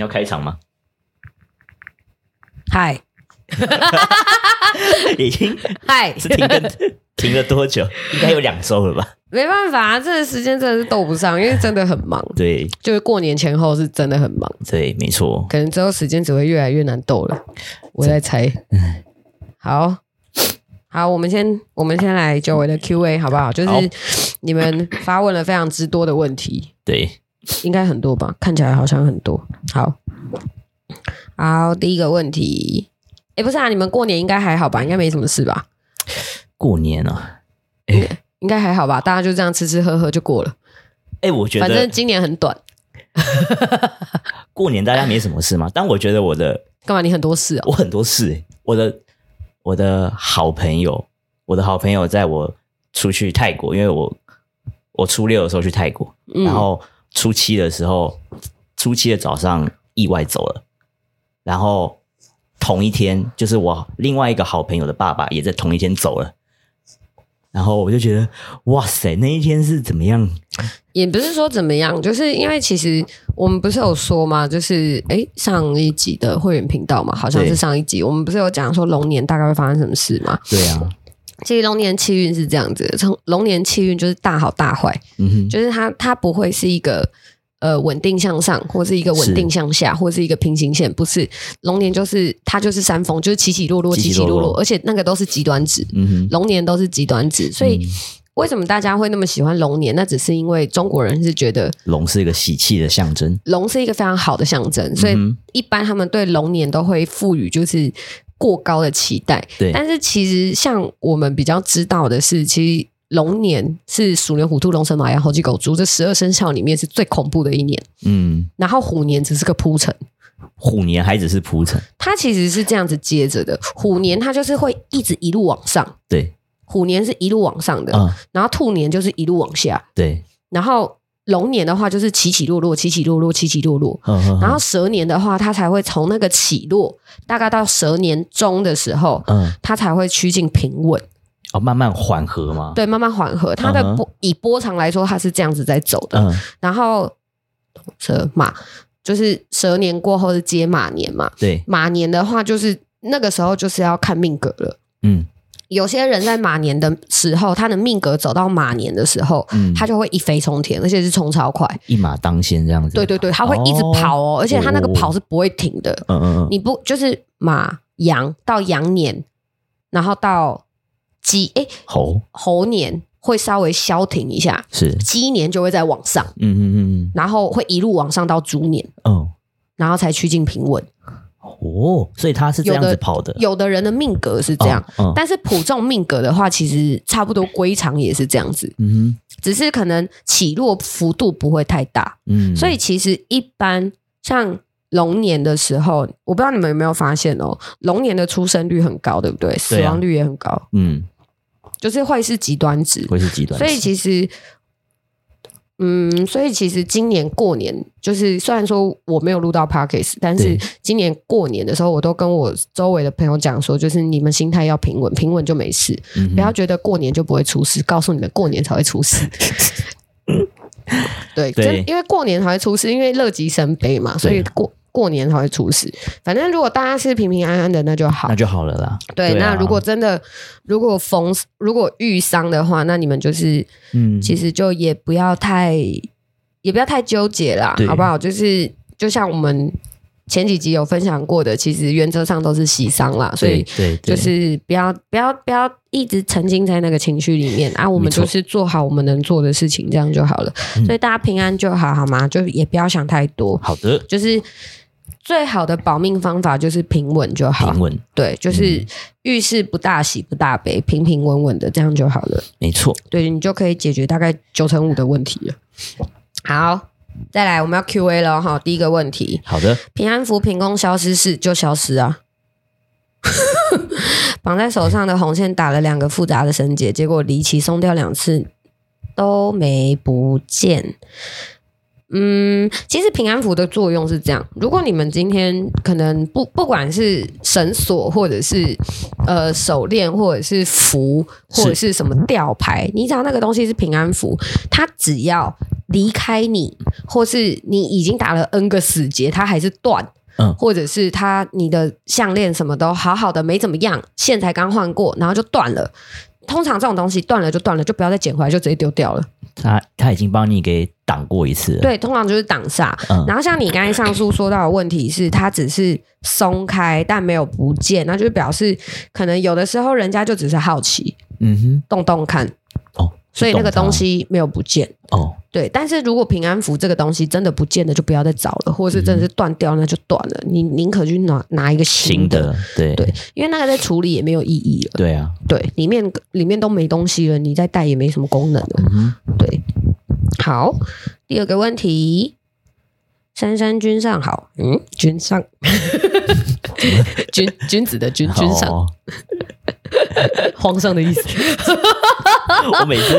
你要開場嗎？嗨， 已經嗨是停更，Hi、 停了多久？應該有兩周了吧？沒辦法，這個時間真的是逗不上，因為真的很忙。對，就是過年前後是真的很忙。對，沒錯，可能之後時間只會越來越難逗了。我在猜、嗯。好，好，我們先我們先來久違的 Q&A 好不好？就是你們發問了非常之多的問題。對。應該很多吧，看起來好像很多。好，好，好，第一個問題，哎、欸，不是啊，你們過年應該還好吧？應該沒什麼事吧？過年啊，哎、okay, 欸，應該還好吧？大家就這樣吃吃喝喝就過了。哎、欸，我覺得，反正今年很短。過年大家沒什麼事嗎？ 但我覺得我的幹嘛？你很多事啊？我很多事。我的我的好朋友，我的好朋友，在我出去泰國，因為我我初六的時候去泰國，嗯、然後。初七的時候，初七的早上意外走了，然後同一天，就是我另外一個好朋友的爸爸也在同一天走了，然後我就覺得哇塞，那一天是怎麼樣？也不是說怎麼樣，就是因為其實我們不是有說嗎？就是誒，上一集的會員頻道嘛，好像是上一集，我們不是有講說龍年大概會發生什麼事嗎？對呀、啊。其實龍年氣運是這樣子的，從龍年氣運就是大好大壞，嗯哼，就是它它不會是一個呃穩定向上，或是一個穩定向下，是或是一個平行線，不是龍年就是它就是山峰，就是起起落落，起起落落，而且那個都是極端值，嗯哼，龍年都是極端值，所以、嗯、為什麼大家會那麼喜歡龍年？那只是因為中國人是覺得龍是一個喜氣的象徵，龍是一個非常好的象徵，嗯、所以一般他們對龍年都會賦予就是。過高的期待，對，但是其實像我們比較知道的是，其實龍年是鼠、牛、虎、兔、龍、蛇、馬、羊、猴、雞、狗、豬這十二生肖裡面是最恐怖的一年，嗯，然後虎年只是個鋪陳，虎年還只是鋪陳，它其實是這樣子接着的，虎年它就是會一直一路往上，對，虎年是一路往上的，啊、然後兔年就是一路往下，對，然後。龍年的話就是起起落落，起起落落，起起落落。嗯、哼哼。然後蛇年的話，它才會從那個起落，大概到蛇年中的時候，嗯、它才會趨近平穩。哦，慢慢緩和嘛？對，慢慢緩和。它的波、嗯、以波長來說，它是這樣子在走的。嗯、然後蛇馬就是蛇年過後是接馬年嘛？對，馬年的話就是那個時候就是要看命格了。嗯。有些人在馬年的時候，他的命格走到馬年的時候，嗯、他就會一飛衝天，而且是衝超快，一馬當先這樣子。對對對，他會一直跑哦，哦而且他那個跑是不會停的。嗯、哦、嗯、哦。你不就是馬羊到羊年，然後到雞、欸、猴猴年會稍微消停一下，是雞年就會再往上。嗯嗯嗯嗯。然後會一路往上到豬年，嗯、哦，然後才趨近平穩。哦，所以他是這樣子跑的。有的，有的人的命格是這樣，哦哦、但是普眾命格的話，其實差不多歸常也是這樣子，嗯。只是可能起落幅度不會太大。嗯、所以其實一般像龍年的時候，我不知道你們有沒有發現哦，龍年的出生率很高，對不對？死亡率也很高。啊、嗯，就是會是極端值，會是極端值。所以其實。嗯，所以其實今年過年就是，雖然說我沒有錄到 Podcast，但是今年過年的時候，我都跟我周圍的朋友講說，就是你們心態要平穩，平穩就沒事，嗯，不要覺得過年就不會出事，告訴你們，過年才會出事。 對，真因為過年才會出事，因為樂極生悲嘛，所以過。過年才會出事，反正如果大家是平平安安的，那就好，那就好了啦。對，對啊、那如果真的如果逢如果遇喪的話，那你們就是嗯，其實就也不要太也不要太糾結啦，好不好？就是就像我們前幾集有分享過的，其實原則上都是喜喪啦。所以對，對，對，就是不要不要不要一直沉浸在那個情緒裡面啊。我們就是做好我們能做的事情，這樣就好了、嗯。所以大家平安就好，好嗎？就也不要想太多。好的，就是。最好的保命方法就是平穩就好，平穩，對，就是遇事不大喜不大悲，平平穩穩的這樣就好了。沒錯，對，你就可以解決大概九成五的問題了。好，再來我們要 Q&A 了哈，第一個問題，好的，平安符憑空消失是就消失啊，綁 在手上的紅線打了兩個複雜的繩結，結果離奇鬆掉兩次都沒不見。嗯，其實平安符的作用是這樣：如果你們今天可能不不管是繩索，或者是呃手鏈，或者是符，或者是什麼吊牌，你知道那個東西是平安符，它只要離開你，或是你已經打了 N 個死結，它還是斷、嗯；或者是它你的項鏈什麼都好好的，沒怎麼樣，線才剛換過，然後就斷了。通常這種東西斷了就斷了，就不要再撿回來，就直接丟掉了。他他已經幫你給擋過一次了，對，通常就是擋煞、嗯。然後像你剛才上述說到的問題是，他只是鬆開，但沒有不見，那就表示可能有的時候人家就只是好奇，嗯哼，動動看哦動，所以那個東西沒有不見哦。對，但是如果平安符這個東西真的不見了，就不要再找了，或者是真的是斷掉，那就斷了。嗯、你寧可去拿拿一個新的，的對，對，因為那個在處理也沒有意義了。對啊，對，裡面裡面都沒東西了，你再戴也沒什麼功能了。嗯嗯對，好，第二個問題，珊珊君上好，嗯，君上。 君，君子的君，君上，皇、哦、 上的意思。 我每次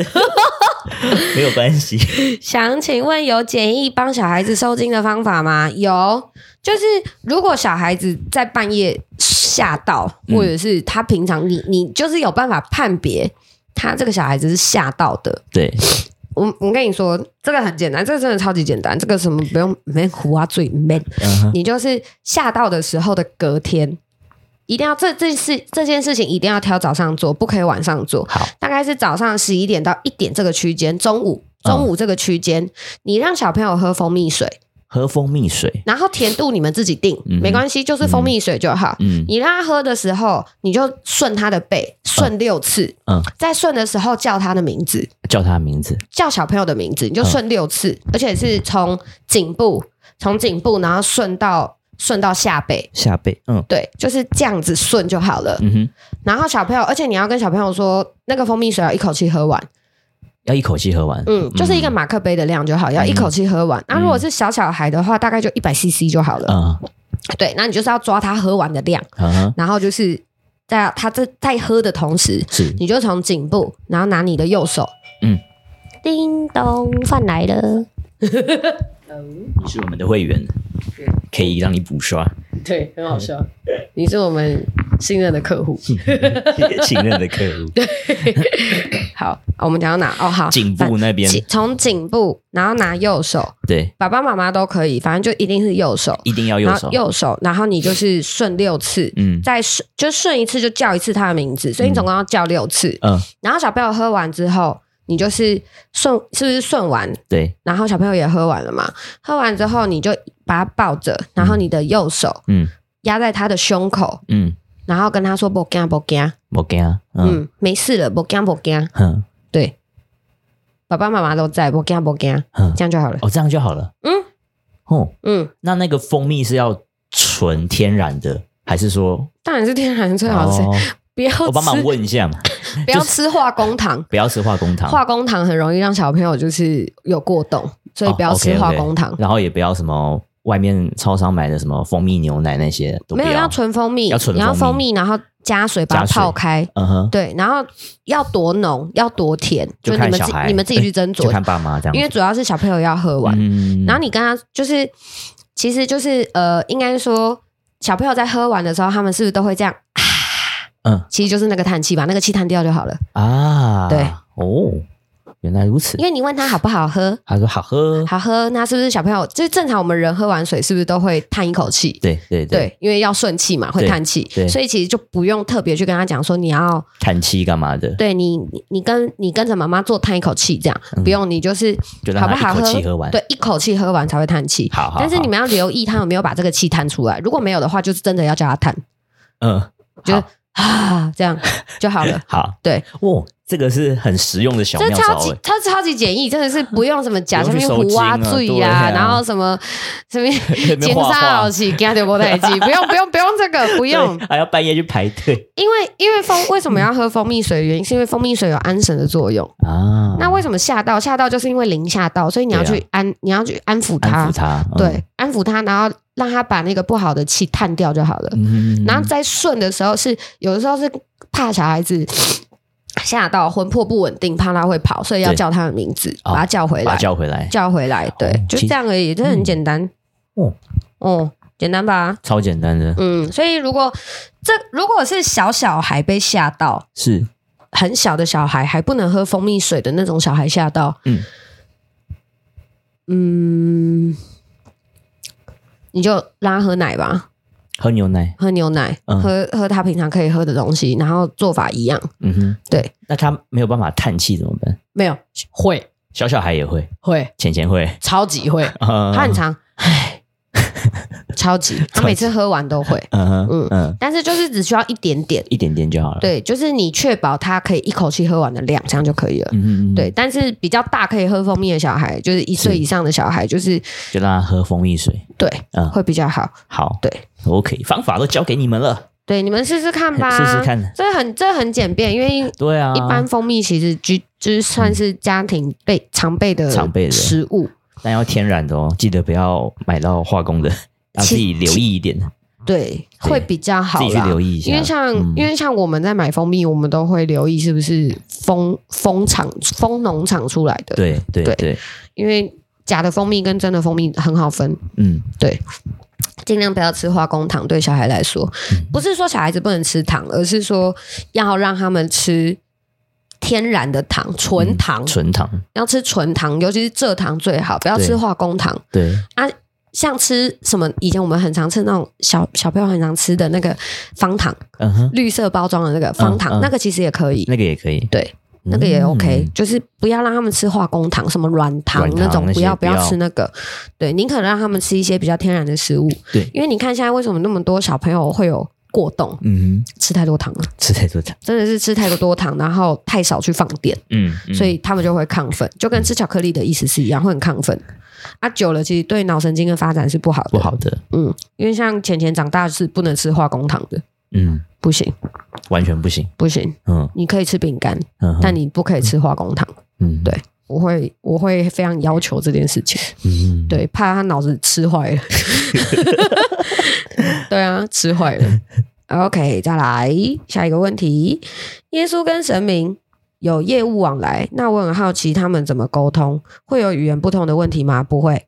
沒有關係。 想請問有簡易幫小孩子收驚的方法嗎？有，就是如果小孩子在半夜嚇到，或、嗯、者是他平常你，你你就是有辦法判別他這個小孩子是嚇到的，對。我我跟你說，這個很簡單，這個真的超級簡單。這個什麼不用，沒苦啊嘴，沒你就是嚇到的時候的隔天，一定要這這事這件事情一定要挑早上做，不可以晚上做。好，大概是早上十一點到一點這個區間，中午中午這個區間，Uh-huh. 你讓小朋友喝蜂蜜水。喝蜂蜜水，然後甜度你們自己定，嗯、沒關係，就是蜂蜜水就好。嗯，你讓他喝的時候，你就順他的背，順、嗯、六次。嗯，在順的時候叫他的名字，叫他的名字，叫小朋友的名字，你就順六次、嗯，而且是從頸部，從頸部，然後順到順到下背，下背。嗯，對，就是這樣子順就好了。嗯哼，然後小朋友，而且你要跟小朋友說，那個蜂蜜水要一口氣喝完。要一口氣喝完，嗯，就是一個馬克杯的量就好，嗯、要一口氣喝完。那、嗯啊、如果是小小孩的話，大概就一百 CC 就好了。嗯，對，那你就是要抓他喝完的量，嗯、然後就是在他在在喝的同時，你就從頸部，然後拿你的右手，嗯，叮咚，飯來了。 你是我們的會員，可以讓你補刷。對，很好笑。嗯。你是我們信任的客戶， 信任的客戶。對，好，我們講到哪？哦，好，頸部那邊，從頸部，然後拿右手。對，爸爸媽媽都可以，反正就一定是右手，一定要右手，右手，然後你就是順六次，嗯，再順就順一次就叫一次他的名字，所以你總共要叫六次。嗯，然後小朋友喝完之後。你就是送，是不是送完？對，然後小朋友也喝完了嘛？喝完之後你就把他抱着，然後你的右手嗯，壓在他的胸口嗯，然後跟他說，不怕不怕不怕。嗯，嗯，沒事了，不怕不怕。嗯，對，爸爸媽媽都在，不怕不怕。嗯，這樣就好了哦，這樣就好了嗯。哦嗯，那，那個蜂蜜是要純天然的還是說，當然是天然的最好吃，哦、不要，我幫忙問一下嘛。不要吃化工糖，就是，不要吃化工糖，化工糖很容易讓小朋友就是有過動，所以不要吃化工糖。Oh, okay, okay. 然後也不要什麼外面超商買的什麼蜂蜜牛奶那些，沒有，要純蜂蜜，然後蜂蜜，蜂蜜然後加水把它泡開，嗯哼，對，然後要多濃要多甜，就，就你們自己你們自己去斟酌，欸、就看爸媽這樣，因為主要是小朋友要喝完。嗯、然後你跟他就是，其實就是呃，應該說小朋友在喝完的時候，他們是不是都會這樣？嗯，其實就是那個嘆氣吧，那個氣嘆掉就好了啊。對哦，原來如此。因為你問他好不好喝，他說好喝，好喝。那是不是小朋友，就是正常我們人喝完水是不是都會嘆一口氣？對對對，對因為要順氣嘛，會嘆氣。所以其實就不用特別去跟他講說你要嘆氣幹嘛的。對,對,對你，你跟你跟着媽媽做嘆一口氣，這樣、嗯、不用你就是好不好喝,喝對，一口氣喝完才會嘆氣。好,好,好，但是你們要留意他有沒有把這個氣嘆出來。如果沒有的話，就是真的要叫他嘆。嗯，就是。啊，這樣就好了。 好，對，喔。這個是很實用的小妙招了。它超級簡易，真的是不用什麼假面胡啊嘴呀、啊啊，然後什麼、啊、什麼檢查儀器、高壓電波台機，不用不用不用這個，不用還要半夜去排隊。因為因為蜂為什麼要喝蜂蜜水？原因、嗯、是因為蜂蜜水有安神的作用啊、哦。那為什麼嚇到嚇到？就是因為靈嚇到，所以你要去安、啊、你要去安撫它、嗯、對，安撫它然後讓它把那個不好的氣嘆掉就好了、嗯。然後在順的時候是有的時候是怕小孩子。嚇到魂魄不穩定，怕他會跑，所以要叫他的名字把，把他叫回來，叫回來，對，嗯、就這樣而已，就很簡單，嗯、哦，哦，簡單吧，超簡單的，嗯，所以如果這如果是小小孩被嚇到，是很小的小孩還不能喝蜂蜜水的那種小孩嚇到，嗯嗯，你就讓他喝奶吧。喝牛奶，喝牛奶，嗯、喝喝他平常可以喝的東西，然後做法一樣。嗯哼，對。那他沒有辦法嘆氣怎麼辦？沒有，會，小小孩也會，會，淺淺會，超級會，嗯、他很常唉。超級，他每次喝完都會，嗯嗯，但是就是只需要一點點，一點點就好了。對，就是你確保它可以一口氣喝完的量，這樣就可以了。嗯哼嗯哼，對，但是比較大可以喝蜂蜜的小孩，就是一歲以上的小孩，是就是就讓他喝蜂蜜水。對，嗯，會比較好。好，對，OK，方法都交給你們了。對，你們試試看吧， 試試看。這很這很簡便，因為對啊，一般蜂蜜其實就就算是家庭備常備的常備的食物的，但要天然的哦，記得不要買到化工的。要、啊、自己留意一點，對，對，會比較好。自己去留意一下，因為像、嗯、因為像我們在買蜂蜜，我們都會留意是不是蜂蜂場蜂農場出來的。對對對，對，因為假的蜂蜜跟真的蜂蜜很好分。嗯，對，盡量不要吃化工糖。對小孩來說，不是說小孩子不能吃糖，而是說要讓他們吃天然的糖，純糖，純糖、嗯、純糖要吃純糖，尤其是蔗糖最好，不要吃化工糖。對，對啊。像吃什麼？以前我們很常吃那種小小朋友很常吃的那個方糖，嗯哼，綠色包裝的那個方糖，Uh-huh. 那個其實也可以，那個也可以，對、嗯，那個也 OK，就是不要讓他們吃化工糖，什麼軟糖那種，那不要不要，不要吃那個，對，寧可讓他們吃一些比較天然的食物，對，因為你看現在為什麼那麼多小朋友會有，過動，嗯，吃太多糖了，啊，吃太多糖，真的是吃太多多糖，然後太少去放電，嗯，嗯，所以他們就會亢奮，就跟吃巧克力的意思是一樣，嗯、會很亢奮。啊，久了其實對腦神經的發展是不好的。不好的，嗯，因為像錢錢長大的是不能吃化工糖的，嗯，不行，完全不行，不行，嗯，你可以吃餅乾，嗯，但你不可以吃化工糖，嗯，嗯對。我會我會非常要求這件事情，對，怕他腦子吃壞了。 對啊，吃壞了。OK，再來下一個問題：耶穌跟神明有業務往來，那我很好奇他們怎麼溝通？會有語言不同的問題嗎？不會。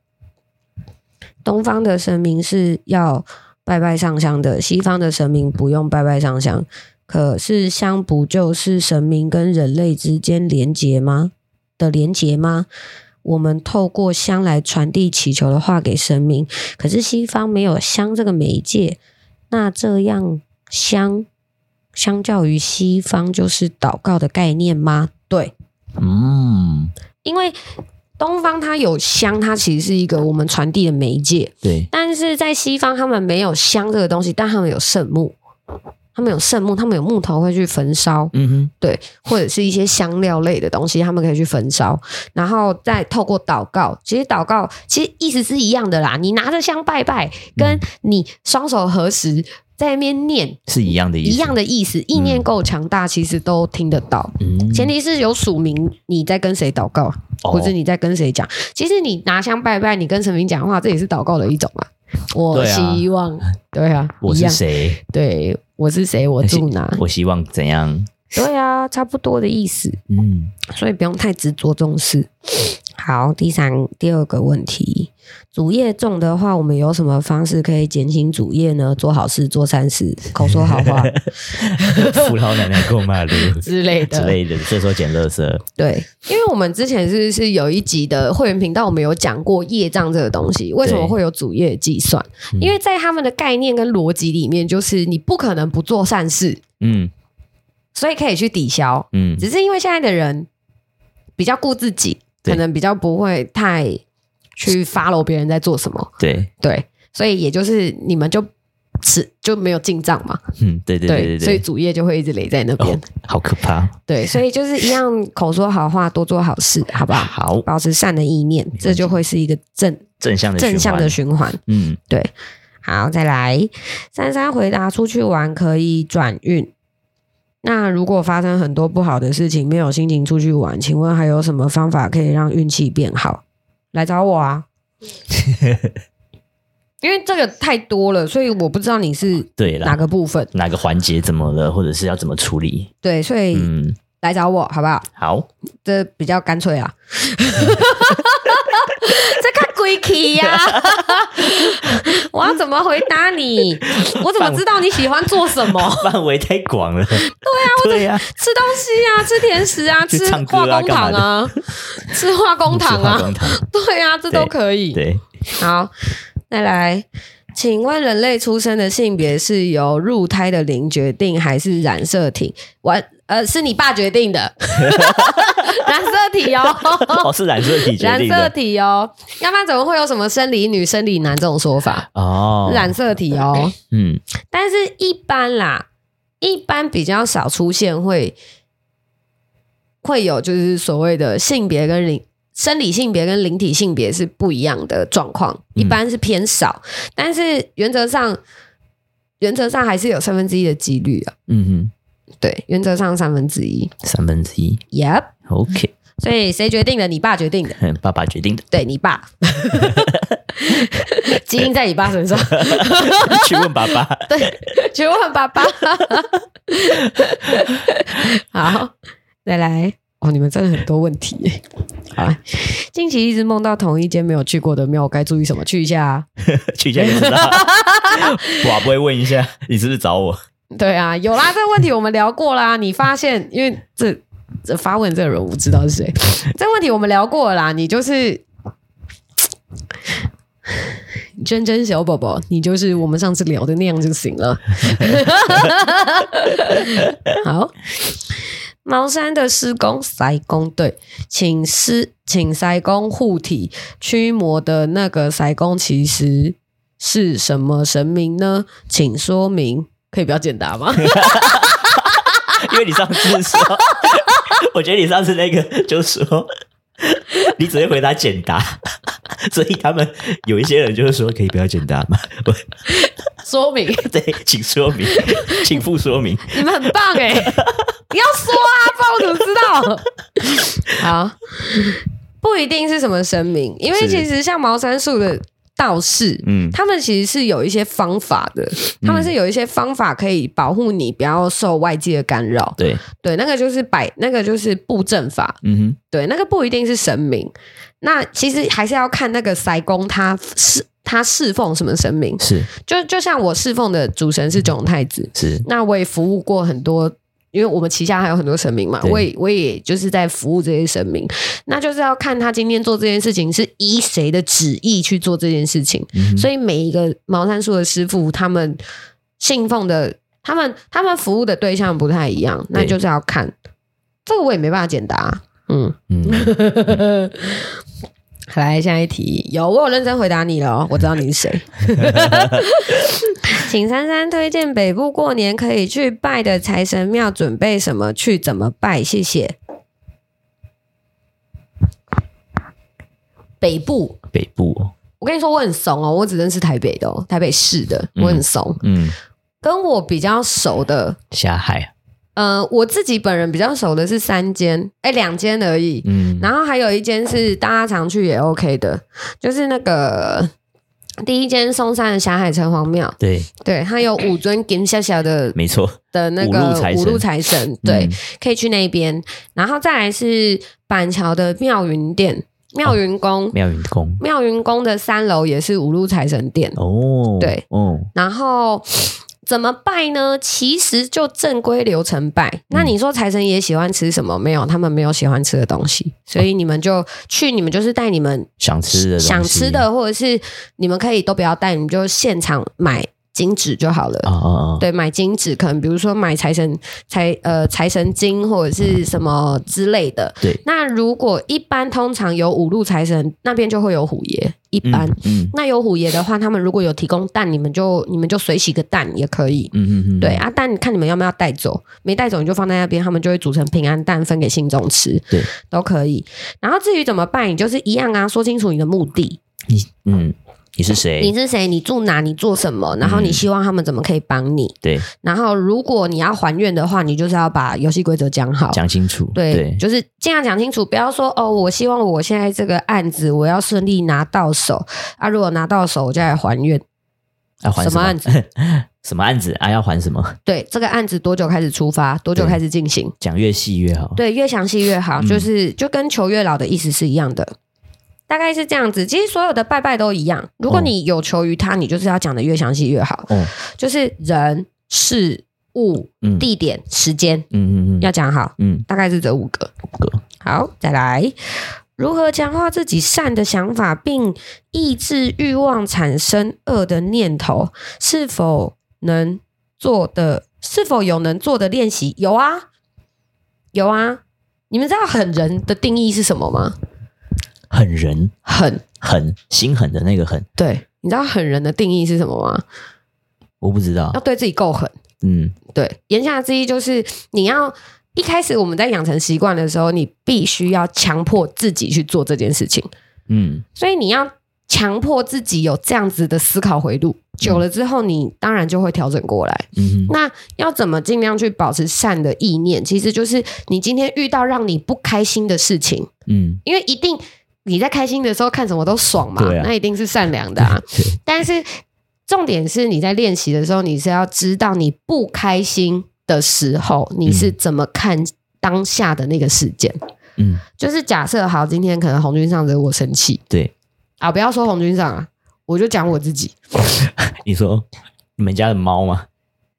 東方的神明是要拜拜上香的，西方的神明不用拜拜上香。可是香不就是神明跟人類之間連結嗎？的連結嗎？我們透過香來傳遞祈求的話給神明，可是西方沒有香這個媒介，那這樣香相較於西方就是禱告的概念嗎？對，嗯，因為東方它有香，它其實是一個我們傳遞的媒介，對，但是在西方他們沒有香這個東西，但他們有聖木。他們有聖木，他們有木頭會去焚燒，嗯哼，對，或者是一些香料類的東西，他們可以去焚燒，然後再透過禱告。其實禱告其實意思是一樣的啦，你拿着香拜拜，跟你雙手合十在那邊念，是一樣的意思，一樣的意思，嗯、意念夠強大，其實都聽得到。嗯，前提是有署名，你在跟誰禱告，哦，或者你在跟誰講。其實你拿香拜拜，你跟神明講話，這也是禱告的一種啊。我希望，對啊，對啊、對啊、我是誰？對。我是誰？我住哪？我希望怎樣？對啊，差不多的意思。嗯，所以不用太執着這種事。好，第三，第二個問題。主業重的話，我們有什麼方式可以減輕主業呢？做好事、做善事、口說好話、 扶老奶奶過馬路之類的、之類的。所以說撿垃圾。對，因為我們之前是是有一集的會員頻道，我們有講過業障這個東西，為什麼會有主業計算？因為在他們的概念跟邏輯裡面，就是你不可能不做善事。嗯，所以可以去抵消。嗯，只是因為現在的人比較顧自己，可能比較不會太。去 follow 別人在做什麼，對對，所以也就是你們就此就沒有進賬嘛，嗯，對對對，對，對，所以主頁就會一直累在那邊，哦，好可怕，對，所以就是一樣，口說好話，多做好事，好不好？好，保持善的意念，這就會是一個正正向的正向的循環，嗯，對，好，再來，三三回答，出去玩可以轉運，那如果發生很多不好的事情，沒有心情出去玩，請問還有什麼方法可以讓運氣變好？來找我啊！ 因為這個太多了，所以我不知道你是對哪個部分，哪個環節怎麼了，或者是要怎麼處理。對，所以，嗯、來找我好不好？好，這比較乾脆啊。 在看鬼片呀？ 我要怎麼回答你？我怎麼知道你喜歡做什麼？範圍太廣了。 對啊，怎啊，吃東西啊，吃甜食啊，吃化工糖啊，吃化工糖啊，糖啊糖 對啊，這都可以。好，再來，請問人類出生的性別是由入胎的靈決定，還是染色體？呃，是你爸決定的，染 色體哦， 哦是染色體決定的，染色體哦，要不然怎麼會有什麼生理女生理男這種說法哦？染色體哦，嗯，但是一般啦，一般比較少出現會會有就是所謂的性別跟靈生理性別跟靈體性別是不一樣的狀況，一般是偏少，嗯、但是原則上原則上還是有三分之一的幾率啊，嗯哼。對，原則上三分之一，三分之一，Yep，OK，okay。所以誰決定的？你爸決定的，嗯、爸爸決定的，對你爸，基 因在你爸身上。 去問爸爸，對，去問爸爸。 好，來，來。哦，你們真的很多問題。好，近期一直夢到同一間沒有去過的廟，該注意什麼？去一下， 去一下就知道。 我還不會問一下，你是不是找我？對啊，有啦，這個問題我們聊過啦。 你發現，因為這這發問這個人，我知道是誰。這個問題我們聊過啦。你就是真真小寶寶，你就是我們上次聊的那樣就行了。 好，茅山的師公賽公，對，請師請賽公護體驅魔的那個賽公，其實是什麼神明呢？請說明。可以不要簡答嗎？ 因為你上次說，我覺得你上次那個就是說，你只會回答簡答，所以他們有一些人就是說可以不要簡答嗎？不，說明對，請說明，請複說明。你們很棒哎、欸，不要說啊，不然我怎麼知道？好，不一定是什麼聲明，因為其實像茅山術的。道士，嗯，他們其實是有一些方法的，他們是有一些方法可以保護你不要受外界的干擾，對對，那個就是擺，那個就是布陣法，嗯哼，對，那個不一定是神明，那其實還是要看那個塞公他是他侍奉什麼神明，是，就就像我侍奉的主神是九龍太子，是，那我也服務過很多，因為我們旗下還有很多神明嘛，我也我也就是在服務這些神明，那就是要看他今天做這件事情是依誰的旨意去做這件事情，嗯、所以每一個茅山術的師傅，他們信奉的，他們他們服務的對象不太一樣，那就是要看，這個我也沒辦法解答，嗯。嗯 好來，來下一題，有我有認真回答你了，哦，我知道你是誰。 請珊珊推薦北部過年可以去拜的財神廟，準備什麼去，怎麼拜？謝謝。北部，北部，我跟你說我很慫哦，我只認識台北的，哦，台北市的，我很慫。嗯，嗯跟我比較熟的，下海。呃，我自己本人比較熟的是三間，哎、欸，兩間而已。嗯，然後還有一間是大家常去也 OK 的，就是那個第一間松山的霞海城隍廟。對對，它有五尊金小小的，沒錯，的那個五路財神、財神。對、嗯，可以去那邊。然後再來是板橋的妙雲殿、妙雲宮、妙、啊、雲宮、妙雲宮的三樓也是五路財神殿。哦，對，嗯、哦，然後。怎麼拜呢？其實就正規流程拜。嗯、那你說財神爺喜歡吃什麼？沒有，他們沒有喜歡吃的東西，所以你們就、哦、去，你們就是帶你們想吃的，想吃的，或者是你們可以都不要帶，你們就現場買。金紙就好了，哦，哦哦，對，買金紙可能比如說買財神財呃財神金或者是什麼之類的，嗯。那如果一般通常有五路財神那邊就會有虎爺，一般，嗯嗯，那有虎爺的話，他們如果有提供蛋，你們就你們就隨喜個蛋也可以，嗯嗯嗯，對啊，蛋你看你們要不要帶走，沒帶走你就放在那邊，他們就會煮成平安蛋分給信眾吃，對，嗯，都可以。然後至於怎麼辦，你就是一樣啊，說清楚你的目的，嗯。你是誰？你是誰？你住哪？你做什麼？然後你希望他們怎麼可以幫你？嗯、對。然後，如果你要還願的話，你就是要把遊戲規則講好，講清楚。對，對就是儘量講清楚，不要說哦，我希望我現在這個案子我要順利拿到手啊，如果拿到手，我就來還願。要還什麼案子？什麼案子， 什麼案子啊？要還什麼？對，這個案子多久開始出發？多久開始進行？講越細越好。對，越詳細越好。嗯、就是就跟求月老的意思是一樣的。大概是這樣子，其實所有的拜拜都一樣。如果你有求於他，哦，你就是要講得越詳細越好，哦。就是人、事物、嗯、地點、時間，嗯嗯嗯，要講好。嗯，大概是這五個。五個。好，再來如何強化自己善的想法，並抑制慾望產生惡的念頭？是否能做的？是否有能做的練習？有啊，有啊。你們知道狠人的定義是什麼嗎？狠人，狠狠心狠的那個狠。對，你知道狠人的定義是什麼嗎？我不知道。要對自己夠狠。嗯，對。言下之意就是，你要一開始我們在養成習慣的時候，你必須要強迫自己去做這件事情。嗯。所以你要強迫自己有這樣子的思考回路，嗯、久了之後，你當然就會調整過來。嗯哼。那要怎麼盡量去保持善的意念？其實就是你今天遇到讓你不開心的事情。嗯。因為一定。你在開心的時候看什麼都爽嘛，啊，那一定是善良的啊。但是重點是，你在練習的時候，你是要知道你不開心的時候你是怎麼看當下的那個事件。嗯，就是假設好，今天可能紅軍上惹我生氣。對啊，不要說紅軍上啊，我就講我自己。 你說你們家的貓嗎？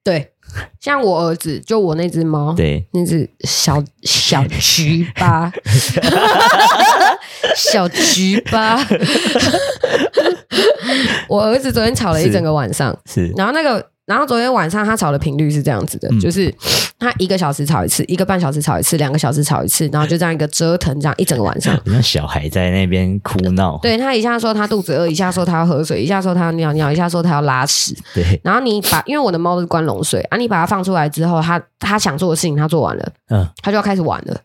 對，像我兒子，就我那只貓，對那隻，那只小小橘吧。 小橘吧 我兒子昨天吵了一整個晚上是，是。然後那個，然後昨天晚上他吵的頻率是這樣子的，嗯，就是他一個小時吵一次，一個半小時吵一次，兩個小時吵一次，然後就這樣一個折騰，這樣一整個晚上。那小孩在那邊哭鬧，對他一下說他肚子餓，一下說他要喝水，一下說他要尿尿，一下說他要拉屎。對。然後你把，因為我的貓都是關籠睡啊，你把它放出來之後，他他想做的事情他做完了，嗯，他就要開始玩了。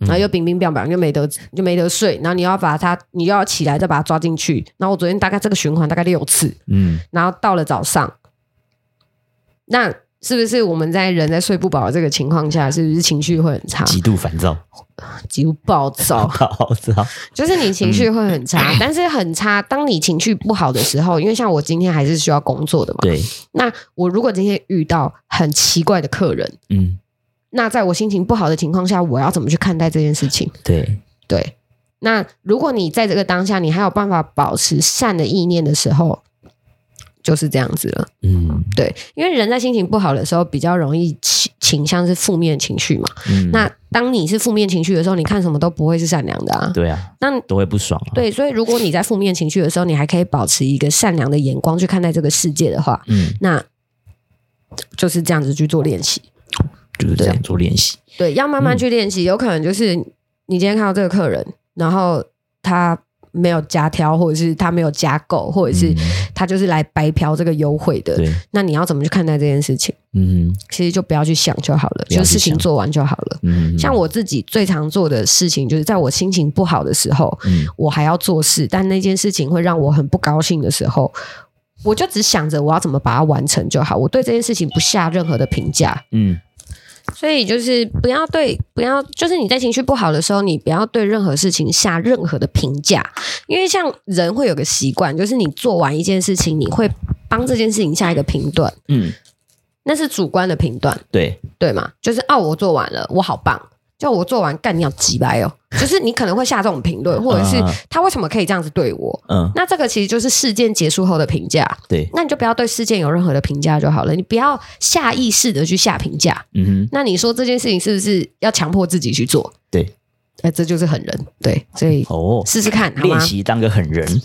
嗯、然後又冰冰涼涼，就沒得就沒得睡。然後你要把它，你又要起來，再把它抓進去。然後我昨天大概這個循環大概六次。嗯。然後到了早上，那是不是我們在人在睡不飽的這個情況下，是不是情緒會很差？極度煩躁，極度暴躁， 極度暴躁。 就是你情緒會很差，嗯、但是很差。當你情緒不好的時候，因為像我今天還是需要工作的嘛。對。那我如果今天遇到很奇怪的客人，嗯。那在我心情不好的情況下，我要怎麼去看待這件事情？對對，那如果你在這個當下，你還有辦法保持善的意念的時候，就是這樣子了。嗯，對，因為人在心情不好的時候，比較容易傾向是負面情緒嘛。嗯，那當你是負面情緒的時候，你看什麼都不會是善良的啊。對啊，那都會不爽啊。對，所以如果你在負面情緒的時候，你還可以保持一個善良的眼光去看待這個世界的話，嗯，那就是這樣子去做練習。就是這樣做練習，對，要慢慢去練習、嗯。有可能就是你今天看到這個客人，然後他沒有加挑，或者是他沒有加購，或者是他就是來白嫖這個優惠的、嗯，那你要怎麼去看待這件事情？嗯，其實就不要去想就好了，嗯、就是、事情做完就好了。像我自己最常做的事情，就是在我心情不好的時候、嗯，我還要做事，但那件事情會讓我很不高興的時候，我就只想着我要怎麼把它完成就好，我對這件事情不下任何的評價。嗯。所以就是不要對，不要就是你在情緒不好的時候，你不要對任何事情下任何的評價，因為像人會有個習慣，就是你做完一件事情，你會幫這件事情下一個評斷，嗯，那是主觀的評斷，對對嘛，就是哦，我做完了，我好棒。就我做完，幹你要幾百哦！就是你可能會下這種評論，或者是他為什麼可以這樣子對我？嗯，那這個其實就是事件結束後的評價。對，那你就不要對事件有任何的評價就好了。你不要下意識的去下評價。嗯哼，那你說這件事情是不是要強迫自己去做？對，哎、欸，這就是狠人。對，所以哦，試試看，練習當個狠人。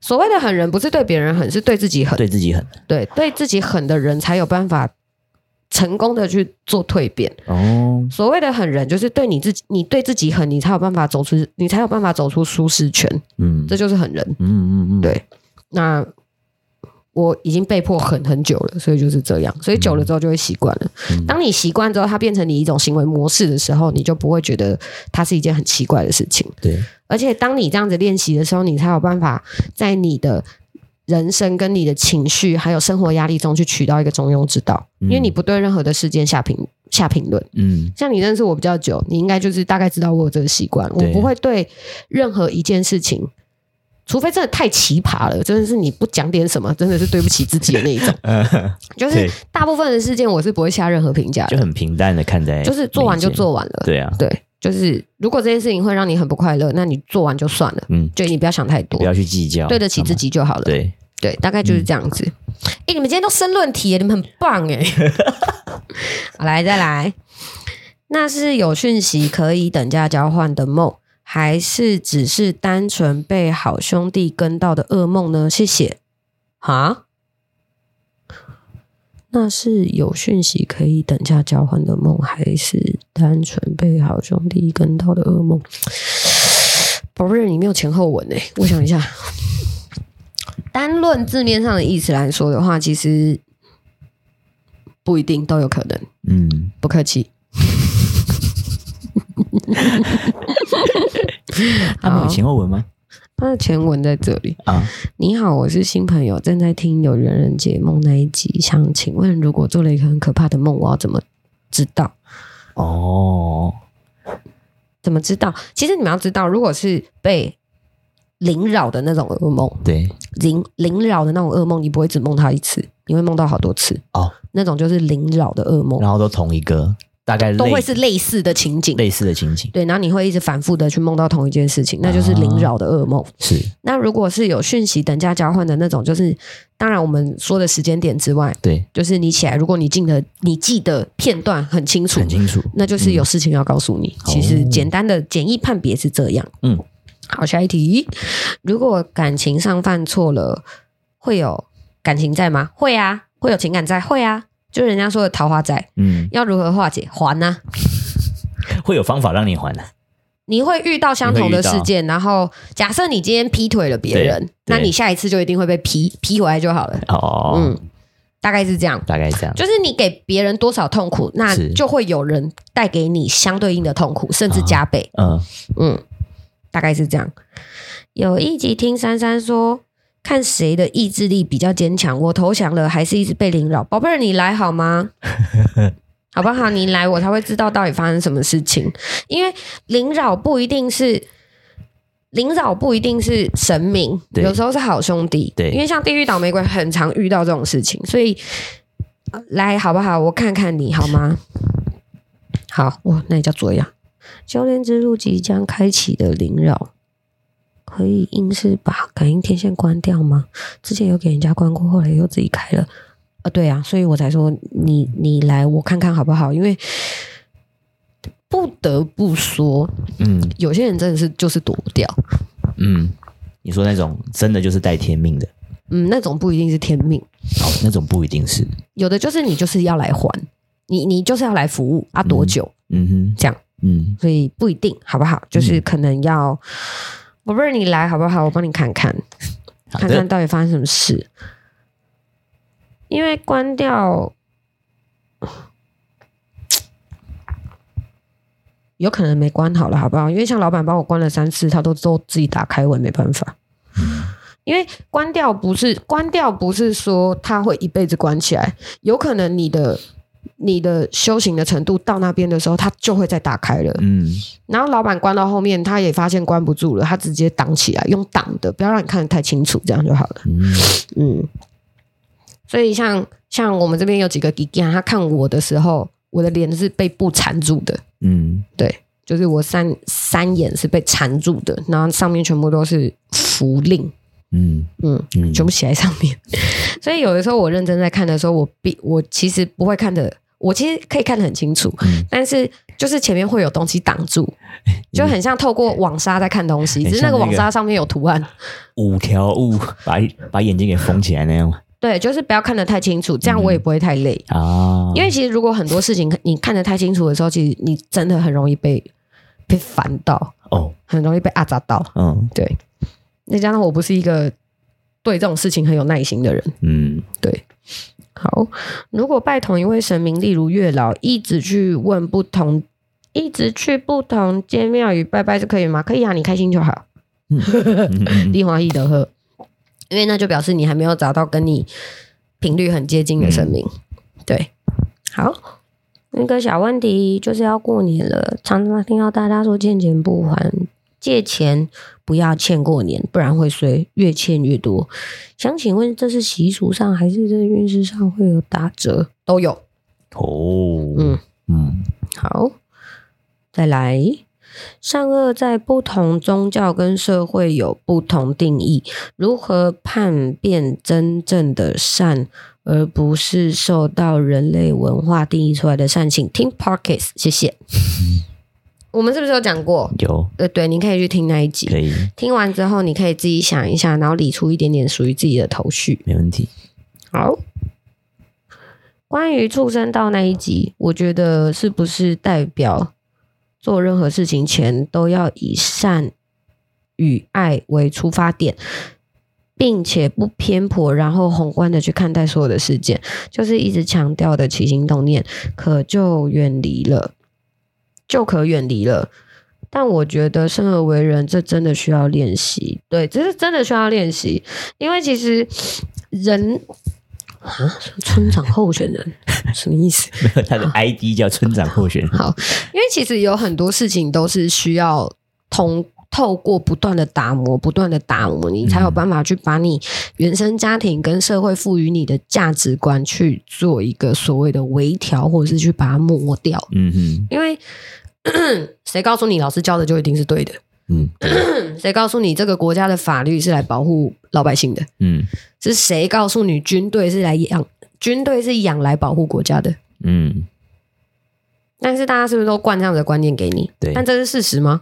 所謂的狠人，不是對別人狠，是對自己狠，對自己狠，對對自己狠的人才有辦法。成功的去做蛻變哦，oh. 所謂的狠人就是對你自己，你對自己狠，你才有辦法走出，你才有辦法走出舒適圈。嗯，這就是狠人。嗯嗯嗯，對。那我已經被迫狠很，很久了，所以就是這樣。所以久了之後就會習慣了。嗯。當你習慣之後，它變成你一種行為模式的時候，你就不會覺得它是一件很奇怪的事情。對。而且當你這樣子練習的時候，你才有辦法在你的。人生跟你的情緒，還有生活壓力中去取到一個中庸之道，嗯，因為你不對任何的事件下評下評論。嗯，像你認識我比較久，你應該就是大概知道我有這個習慣，啊，我不會對任何一件事情，除非真的太奇葩了，真的是你不講點什麼，真的是對不起自己的那一種。 就是大部分的事件，我是不會下任何評價，就很平淡的看待，就是做完就做完了。對啊，對。就是，如果這件事情會讓你很不快樂，那你做完就算了，嗯，就你不要想太多，不要去計較，對得起自己就好了。對對，對，大概就是這樣子。哎、嗯欸，你們今天都申論題，你們很棒哎。 好來再來，那是有訊息可以等價交換的夢，還是只是單純被好兄弟跟到的噩夢呢？謝謝。那是有訊息可以等價交換的夢，還是單純被好兄弟跟到的噩夢？寶貝，你沒有前後文哎、欸，我想一下，單論字面上的意思來說的話，其實不一定，都有可能。嗯，不客氣。哈哈哈哈哈！他們有前後文嗎？它的全文在這裡啊。你好，我是新朋友，正在聽《有緣人解夢》那一集，想請問，如果做了一個很可怕的夢，我要怎麼知道？哦，怎麼知道？其實你們要知道，如果是被靈擾的那種噩夢，對，靈、靈擾的那種噩夢，你不會只夢他一次，你會夢到好多次哦。那種就是靈擾的噩夢，然後都同一個。大概都會是類似的情景，類似的情景。對，然後你會一直反覆的去夢到同一件事情，啊、那就是靈擾的噩夢。是。那如果是有訊息等價交換的那種，就是當然我們說的時間點之外，對，就是你起來，如果你記得你記得片段很清楚，很清楚，那就是有事情要告訴你。嗯。其實簡單的簡易判別是這樣。嗯。好，下一題，如果感情上犯錯了，會有感情債嗎？會啊，會，啊，會有情感債，會啊。就人家說的桃花債，嗯，要如何化解還呢、啊？會有方法讓你還的、啊。你會遇到相同的事件，然後假設你今天劈腿了別人，那你下一次就一定會被劈劈回來就好了。哦，嗯，大概是這樣。大概是這樣。就是你給別人多少痛苦，那就會有人帶給你相對應的痛苦，甚至加倍。嗯、哦、嗯，大概是這樣。有一集聽珊珊說。看誰的意志力比較堅強，我投降了，還是一直被靈擾？寶貝兒，你來好嗎？ 好不好？你來，我才會知道到底發生什麼事情。因為靈擾不一定是，靈擾不一定是神明，有時候是好兄弟。因為像地獄倒霉鬼很常遇到這種事情，所以，呃，來好不好？我看看你好嗎？好，我，哦，那也叫作妖，啊。修煉之路即將開啟的靈擾。可以硬是把感應天線關掉嗎？之前有給人家關過，後來又自己開了。啊，對啊，所以我才說你你來我看看好不好？因為不得不說，嗯，有些人真的是就是躲不掉。嗯，你說那種真的就是帶天命的。嗯，那種不一定是天命。好，那種不一定是。有的就是你就是要來還你，你就是要來服務啊，多久？嗯，嗯哼，這樣，嗯，所以不一定好不好？就是可能要。嗯寶貝，你來，好不好？我幫你看看，看看到底發生什麼事，因為關掉有可能沒關好了，好不好？因為像老闆幫我關了三次，他都都自己打開，我也沒辦法。因為關掉不是關掉，不是說他會一輩子關起來，有可能你的。你的修行的程度到那邊的時候，他就會再打開了。嗯，然後老闆關到後面，他也發現關不住了，他直接擋起來，用擋的，不要讓你看得太清楚，這樣就好了。嗯，嗯，所以像像我們這邊有幾個弟弟，他看我的時候，我的臉是被布纏住的。嗯，對，就是我三三眼是被纏住的，然後上面全部都是符令。嗯嗯，全部寫在上面。 所以有的時候我認真在看的時候，我必我其實不會看的。我其實可以看得很清楚，嗯、但是就是前面會有東西擋住、嗯，就很像透過網紗在看東西、嗯那個，只是那個網紗上面有圖案，五條悟把把眼睛給封起來那樣。對，就是不要看得太清楚，這樣我也不會太累啊、嗯哦。因為其實如果很多事情你看得太清楚的時候，其實你真的很容易被被煩到哦，很容易被壓榨到。嗯、哦，對。再加上我不是一個對這種事情很有耐心的人，嗯，對。好，如果拜同一位神明，例如月老，一直去問不同，一直去不同間廟宇拜拜就可以嗎？可以啊，你開心就好。立、 嗯嗯嗯、 花易得喝，因為那就表示你還沒有找到跟你頻率很接近的神明、嗯。對，好，那個小問題就是要過年了，常常聽到大家說欠錢不還。借錢不要欠過年，不然會隨越欠越多。想請問，這是習俗上還是在運勢上會有打折？都有哦。Oh, 嗯嗯，好，再來。善惡在不同宗教跟社會有不同定義，如何判辨真正的善，而不是受到人類文化定義出來的善？請聽 Parkes，謝謝。 我們是不是有講過？有，呃，對，你可以去聽那一集。可以。聽完之後，你可以自己想一下，然後理出一點點屬於自己的頭緒。沒問題。好，關於出生到那一集，我覺得是不是代表做任何事情前都要以善與愛為出發點，並且不偏頗，然後宏觀的去看待所有的事件，就是一直強調的起心動念，可就遠離了。就可遠離了，但我覺得生而為人這，這真的需要練習。對，這是真的需要練習，因為其實人啊，村長候選人 什麼意思？沒有，他的 ID 叫村長候選人好。好，因為其實有很多事情都是需要通。透過不斷的打磨，不斷的打磨，你才有辦法去把你原生家庭跟社會賦予你的價值觀去做一個所謂的微調，或者是去把它抹掉。嗯嗯。因為咳咳，誰告訴你老師教的就一定是對的？嗯咳咳。誰告訴你這個國家的法律是來保護老百姓的？嗯。是誰告訴你軍隊是來養，軍隊是養來保護國家的？嗯。但是大家是不是都灌這樣的觀念給你？對。但這是事實嗎？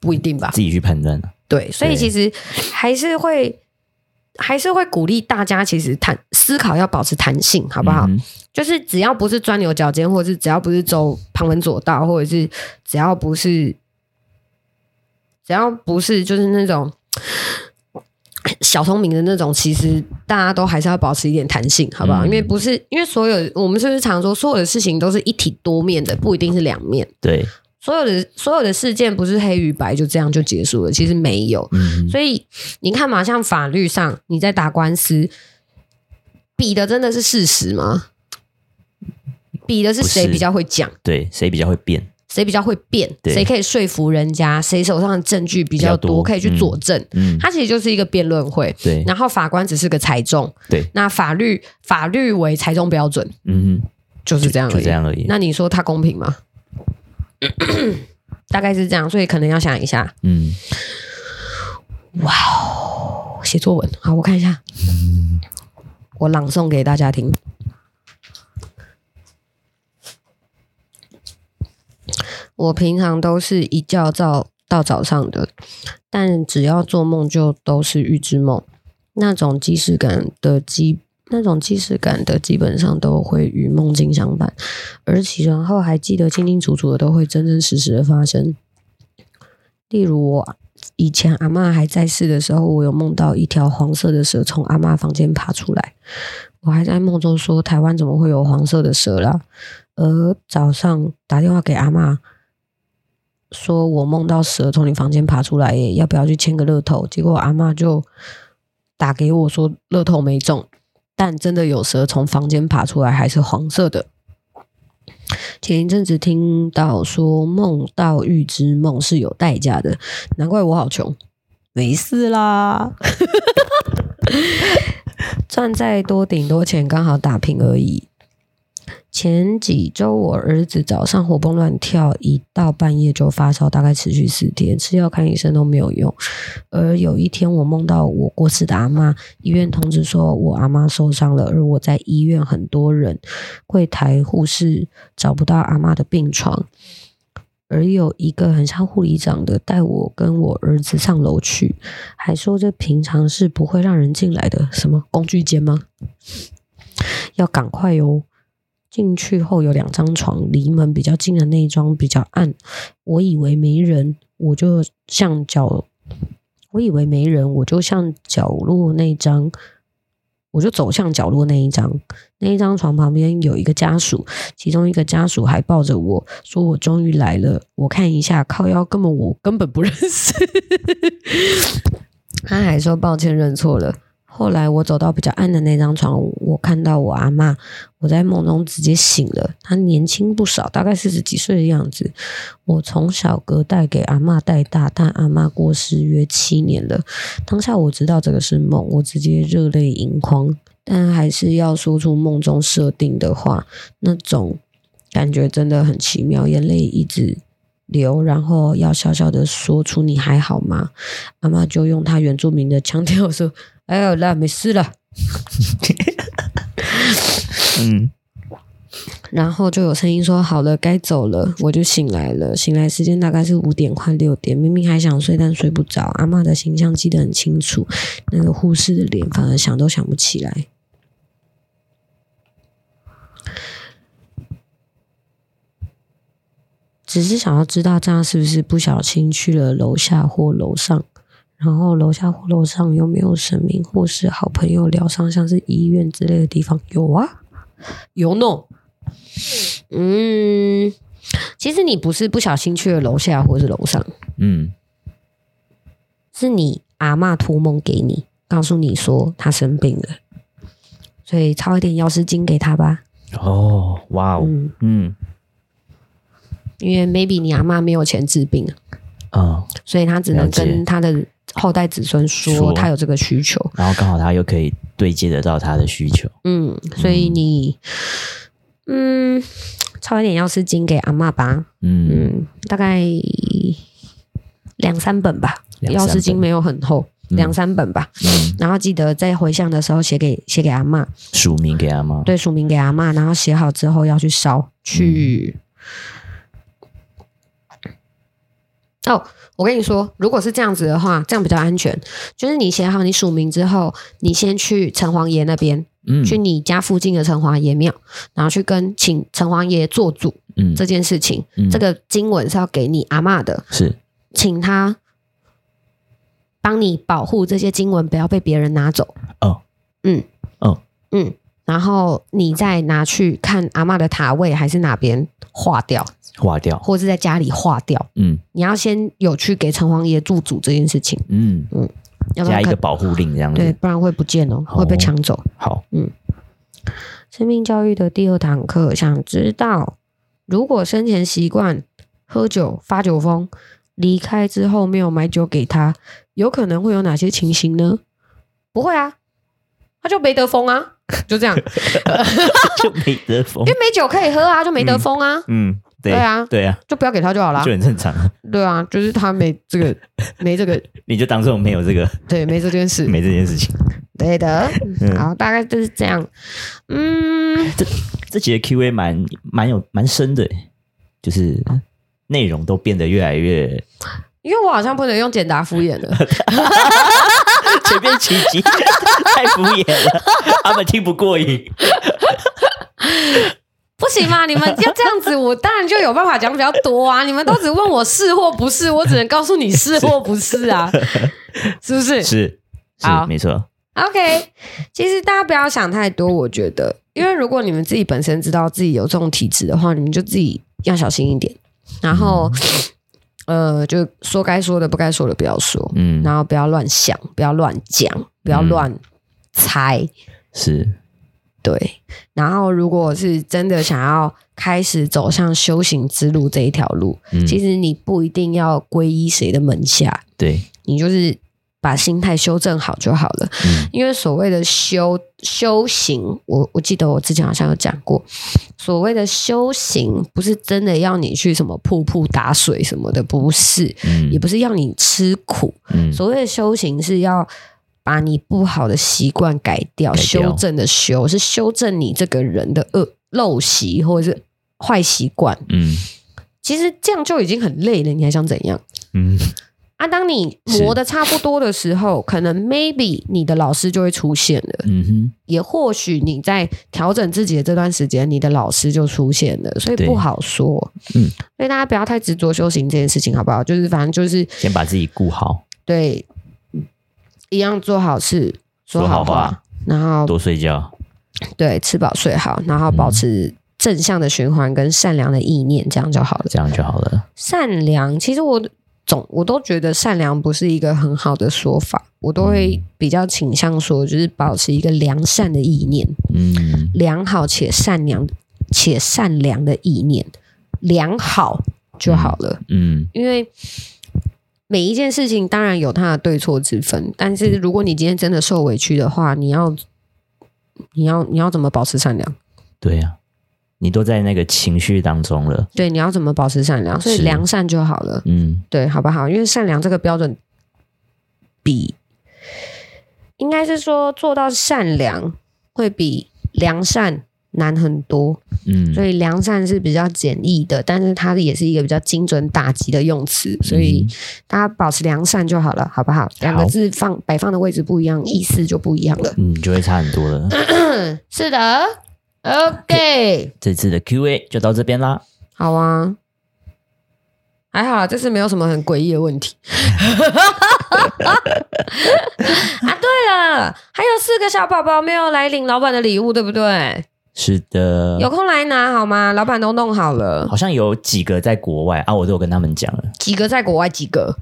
不一定吧，自己去判斷。對，所以其實還是會還是會鼓勵大家，其實談思考要保持彈性，好不好、嗯？就是只要不是鑽牛角尖，或者是只要不是走旁門左道，或者是只要不是，只要不是就是那種小聰明的那種，其實大家都還是要保持一點彈性，好不好、嗯？因為不是，因為所有我們是不是常常說所有的事情都是一體多面的，不一定是兩面？對。所有的所有的事件不是黑與白就這樣就結束了，其實沒有。嗯、所以你看嘛，像法律上你在打官司，比的真的是事實嗎？比的是誰比較會講，對，誰比較會辯，誰比較會辯，誰可以說服人家，誰手上的證據比較多，較多嗯、可以去佐證。它、嗯、其實就是一個辯論會，對。然後法官只是個裁中，對。那法律法律為裁中標準，嗯，就是這樣，就就這樣而已。那你說它公平嗎？ 大概是這樣，所以可能要想一下。嗯，哇哦，寫作文，好，我看一下，我朗誦給大家聽。我平常都是一覺到到早上的，但只要做夢就都是預知夢，那種既視感的機。那種既視感的，基本上都會與夢境相伴，而起床後還記得清清楚楚的，都會真真實實的發生。例如我，我以前阿嬤還在世的時候，我有夢到一條黃色的蛇從阿嬤房間爬出來，我還在夢中說：“台灣怎麼會有黃色的蛇啦？”而早上打電話給阿嬤，說我夢到蛇從你房間爬出來耶，要不要去簽個樂透？結果阿嬤就打給我說樂透沒中。但真的有蛇從房間爬出來，還是黃色的。前一陣子聽到說夢到預知夢是有代價的，難怪我好窮。沒事啦 賺再多頂多錢，剛好打平而已。前幾周，我兒子早上活蹦亂跳，一到半夜就發燒，大概持續四天，吃藥看醫生都沒有用。而有一天，我夢到我過世的阿媽，醫院通知說我阿媽受傷了，而我在醫院，很多人櫃檯護士找不到阿媽的病床，而有一個很像護理長的帶我跟我兒子上樓去，還說這平常是不會讓人進來的，什麼工具間嗎？要趕快哦！進去後有兩張床，離門比較近的那一張比較暗。我以為沒人，我就向角，我以為沒人，我就向角落那張，我就走向角落那一張。那一張床旁邊有一個家屬，其中一個家屬還抱着我說：“我終於來了。”我看一下靠腰，根本我根本不認識。 他還說抱歉，認錯了。後來我走到比較暗的那張床，我看到我阿嬤，我在夢中直接醒了，她年輕不少，大概四十幾歲的樣子。我從小隔代給阿嬤帶大，但阿嬤過世約七年了。當下我知道這個是夢，我直接熱淚盈眶，但還是要說出夢中設定的話，那種感覺真的很奇妙，眼淚一直。流，然後要小小的說出你還好嗎？阿嬤就用她原住民的腔調說：“哎呀，那沒事了。 ” 嗯，然後就有聲音說：“好了，該走了。”我就醒來了，醒來時間大概是五點快六點，明明還想睡，但睡不着。阿嬤的形象記得很清楚，那個護士的臉反而想都想不起來。只是想要知道，這樣是不是不小心去了樓下或樓上？然後樓下或樓上有沒有神明，或是好朋友療傷，像是醫院之類的地方？有啊，有呢。嗯，其實你不是不小心去了樓下或是樓上，嗯，是你阿嬤託夢給你，告訴你說她生病了，所以抄一點藥師經給她吧。哦，哇哦，嗯。因為 maybe 你阿媽沒有錢治病，啊，嗯，所以他只能跟他的後代子孫說他有這個需求，然後剛好他又可以對接得到他的需求，嗯，所以你嗯，抄、嗯、一點藥師經給阿媽吧嗯，嗯，大概兩三本吧，藥師經沒有很厚，兩三本吧，嗯，然後記得在回向的時候寫給寫給阿媽，署名給阿媽，對，署名給阿媽，然後寫好之後要去燒去，嗯。哦，我跟你說，如果是這樣子的話，這樣比較安全。就是你寫好你署名之後，你先去城隍爺那邊，嗯，去你家附近的城隍爺廟，然後去跟請城隍爺做主，嗯，這件事情，嗯，這個經文是要給你阿嬤的，是，請他幫你保護這些經文，不要被別人拿走。哦，嗯，嗯，哦，嗯。然後你再拿去看阿嬤的塔位，還是哪邊化掉？化掉，或者是在家裡化掉？嗯，你要先有去給城隍爺做主這件事情。嗯嗯，要要，加一個保護令這樣子。啊，對，不然會不見哦，會被搶走。哦。好，嗯，生命教育的第二堂課，想知道如果生前習慣喝酒發酒瘋，離開之後沒有買酒給他，有可能會有哪些情形呢？不會啊，他就沒得瘋啊。 就這樣， 就沒得風，因為沒酒可以喝啊，就沒得風啊。嗯，嗯，對，對啊，對啊，對啊，就不要給他就好了，就很正常啊。對啊，就是他沒這個， 沒這個，你就當做沒有這個，對，沒這件事，沒這件事情，對的。嗯，好，大概就是這樣。嗯，這這幾 Q A 蠻蠻有蠻深的，就是內容都變得越來越……因為我好像不能用簡答敷衍了，隨便起雞。太敷衍了， 他們聽不過癮 。 不行嗎？你們要這樣子，我當然就有辦法講比較多啊！你們都只問我是或不是，我只能告訴你是或不是啊，是，是，是不是，是？是，好，沒錯。OK，其實大家不要想太多，我覺得，因為如果你們自己本身知道自己有這種體質的話，你們就自己要小心一點。然後，嗯、呃，就說該說的，不該說的不要說，嗯，然後不要亂想，不要亂講，不要亂、嗯。猜是對，然後如果是真的想要開始走向修行之路這一條路，嗯，其實你不一定要皈依誰的門下，對，你就是把心態修正好就好了。嗯，因為所謂的修修行，我我記得我之前好像有講過，所謂的修行不是真的要你去什麼瀑布打水什麼的，不是，嗯，也不是要你吃苦。嗯，所謂的修行是要。把你不好的習慣改,改掉，修正的修是修正你這個人的惡陋習或者是壞習慣。嗯，其實這樣就已經很累了，你還想怎樣？嗯啊，當你磨的差不多的時候，可能 maybe 你的老師就會出現了。嗯哼，也或許你在調整自己的這段時間，你的老師就出現了，所以不好說。嗯，所以大家不要太執着修行這件事情，好不好？就是反正就是先把自己顧好。對。一樣做好事，說好話，然後多睡覺，對，吃飽睡好，然後保持正向的循環跟善良的意念，嗯，這樣就好了。這樣就好了。善良，其實我總我都覺得善良不是一個很好的說法，嗯，我都會比較傾向說，就是保持一個良善的意念，嗯，良好且善良且善良的意念，良好就好了，嗯，嗯，因為。每一件事情當然有它的對錯之分，但是如果你今天真的受委屈的話，你要，你要，你要怎麼保持善良？對呀，你都在那個情緒當中了。對，你要怎麼保持善良？所以良善就好了。嗯，對，好不好？因為善良這個標準，比應該是說做到善良會比良善。難很多，嗯，所以良善是比較簡易的，但是它也是一個比較精準打擊的用詞，所以大家保持良善就好了，好不好？兩個字放擺放的位置不一樣，意思就不一樣了，嗯，就會差很多了。咳咳是的，OK，這，這次的 Q&A 就到這邊啦。好啊，還好這次沒有什麼很詭異的問題。 啊，對了，還有四個小寶寶沒有來領老板的禮物，對不對？是的，有空來拿好嗎？老闆都弄好了，好像有幾個在國外啊，我都有跟他們講了。幾個在國外？幾個？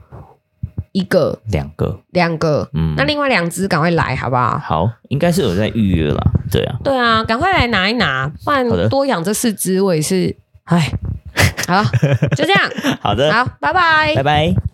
一個？兩個？兩個？嗯，那另外兩只趕快來好不好？好，應該是有在預約了啦。對啊，對啊，趕快來拿一拿，不然多養這四只我也是。哎， 好，就這樣。 好的，好，拜拜，拜拜。